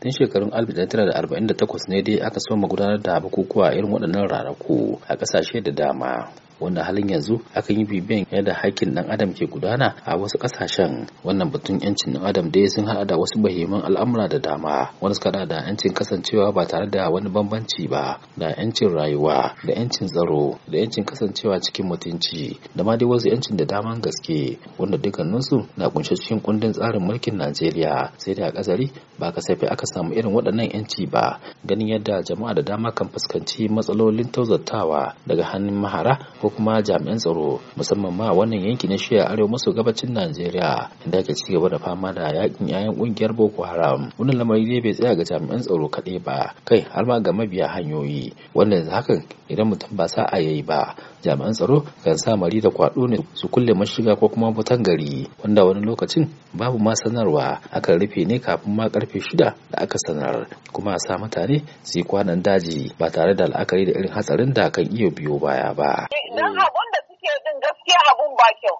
tun shekarun 1948 ne dai aka soma gudanar da bukukuwa irin waɗannan ranaku a ƙasashe da dama wanda halin yanzu akan yi bibiyan yadda hakkin dan adam ke gudana a wasu kasashen wannan batun yancin dan adam dai sun haɗa da wasu muhimman al'amura da dama wanda suka da yancin kasancewa ba tare da wani bambanci ba da yancin rayuwa da yancin tsaro da yancin kasancewa cikin mutunci da ma dai wasu yancin da daman gaske wanda dukkaninsu na kunshe cikin kundin tsarin mulkin Najeriya sai dai a kasari ba kasafai aka samu irin waɗannan yanci ba ganin yadda jama'a da dama kan fuskanci matsalolin tauzatawa daga hannun mahara ko ko kuma jami'an tsaro musamman ma wannan yanki na shiya arewa maso gabacin Najeriya inda ake ci gaba da fama da yakin yayan kungiyar Boko Haram. Wannan lamari ne bai tsaya ga jami'an tsaro kaɗai ba kai har ma ga mabiya hanyoyi wanda hakan idan mutum ba sa'a yayi ba jami'an tsaro kan sa mari da kwado ne su kulle mashiga ko kuma butan gari wanda wani lokacin babu ma sanarwa akan rufe ne kafin ma karfe shida da aka sanar kuma a sa mutane su yi kwanan daji ba tare da la'akari da irin hatsarin da kan iya biyo baya ba. Don abun da suke din gaskiya abun ba kyau.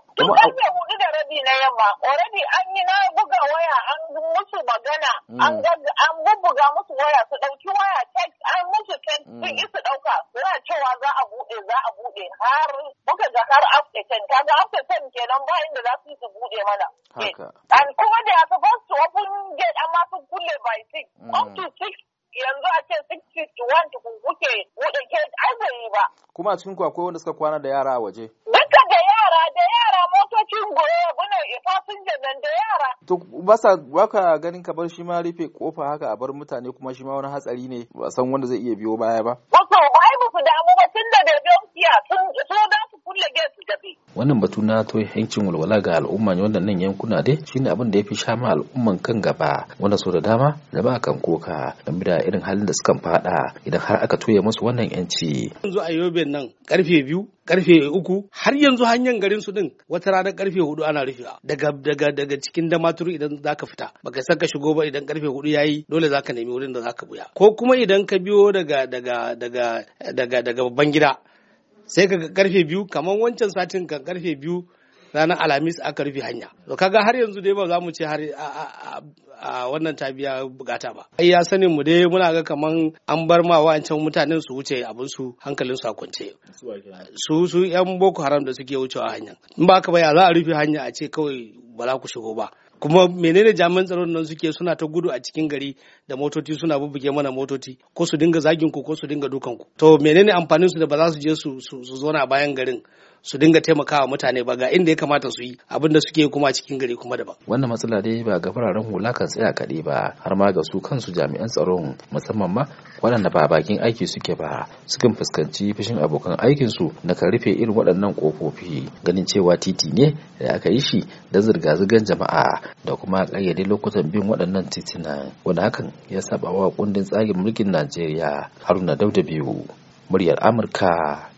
yamma already an yi na buga waya an musu magana mm. an an bubbuga musu waya su dauki waya text an musu text mm. sun yi su suna cewa za a bude za a bude har muka ga har after ten ga after ten kenan ba inda za su yi su bude mana and kuma da ya supposed to open gate amma sun kulle by six mm. up to six yanzu a ce 61 kuke buɗe gate ai bai yi ba kuma a cikin ku akwai wanda suka kwana da yara a waje sun goya bunan eh, fasinjan nan da yara. To basa baka ganin kamar shi ma rufe kofa haka a bar mutane kuma shi ma wani hatsari ne ba san wanda zai iya biyo baya ba. Wato ai ba su damu ba tun da da sun su da Wannan batu na to yankin walwala ga al'umma ne wannan nan yankuna dai shine abin da ya fi sha ma al'umman kan gaba wanda so da dama ba kan koka game da irin halin da sukan fada idan har aka toye musu wannan yanci. Yanzu a Yobe nan karfe biyu karfe uku har yanzu hanyar garin su din wata ranar karfe hudu ana rufewa daga daga daga cikin damaturu idan zaka fita baka san ka shigo ba idan karfe hudu yayi dole zaka nemi wurin da zaka buya ko kuma idan ka biyo daga daga daga daga daga babban gida sai ka karfe biyu kamar wancan satin ka karfe biyu ranar alhamis aka rufe hanya to kaga har yanzu dai ba za mu ce har a wannan tabiya bugata ba ai ya sani mu dai muna ga kaman an bar ma wancan mutanen su wuce abin su hankalin su a kwance su su yan boko haram da suke wucewa hanya in ba ka ba ya za a rufe hanya a ce kawai ba za ku shigo ba kuma menene jami'an tsaron nan suke suna ta gudu a cikin gari da motoci suna bubbuge mana motoci ko su dinga zaginku ko su dinga dukanku to menene amfanin su da ba za su je su zo na bayan garin su dinga taimakawa mutane ba ga inda ya kamata su yi abin da suke kuma cikin gari kuma daban. Wannan matsala dai ba ga fararen hula kan tsaya kaɗai ba har ma ga su kansu jami'an tsaron musamman ma waɗanda ba bakin aiki suke ba sukan fuskanci fushin abokan aikin su na kan rufe irin waɗannan kofofi ganin cewa titi ne da aka yi shi da zirga-zirgar jama'a da kuma ƙayyade lokutan bin waɗannan titina wanda hakan ya saba wa kundin tsarin mulkin Najeriya Haruna Dauda biyu muryar Amurka